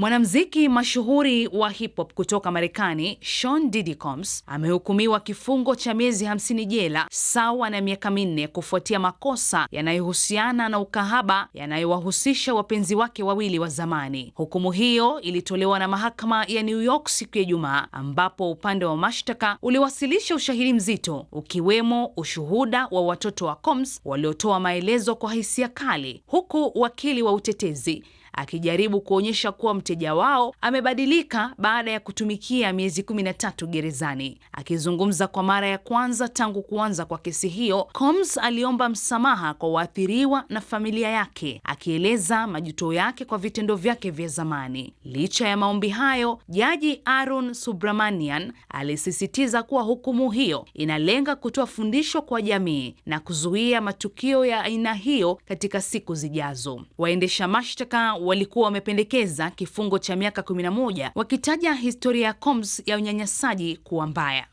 Mwanamuziki mashuhuri wa hip hop kutoka Marekani, Sean Diddy Combs amehukumiwa kifungo cha miezi 50 jela sawa na miaka minne kufuatia makosa yanayohusiana na ukahaba yanayowahusisha wapenzi wake wawili wa zamani. Hukumu hiyo ilitolewa na mahakama ya New York siku ya Ijumaa, ambapo upande wa mashtaka uliwasilisha ushahidi mzito, ukiwemo ushuhuda wa watoto wa Combs waliotoa maelezo kwa hisia kali, huku wakili wa utetezi akijaribu kuonyesha kuwa mteja wao amebadilika baada ya kutumikia miezi 13 gerezani. Akizungumza kwa mara ya kwanza tangu kuanza kwa kesi hiyo, Combs aliomba msamaha kwa waathiriwa na familia yake, akieleza majuto yake kwa vitendo vyake vya zamani. Licha ya maombi hayo, Jaji Arun Subramanian alisisitiza kuwa hukumu hiyo inalenga kutoa fundisho kwa jamii na kuzuia matukio ya aina hiyo katika siku zijazo. Waendesha mashtaka walikuwa wamependekeza kifungo cha miaka 11 wakitaja historia ya Combs ya unyanyasaji kuwa mbaya.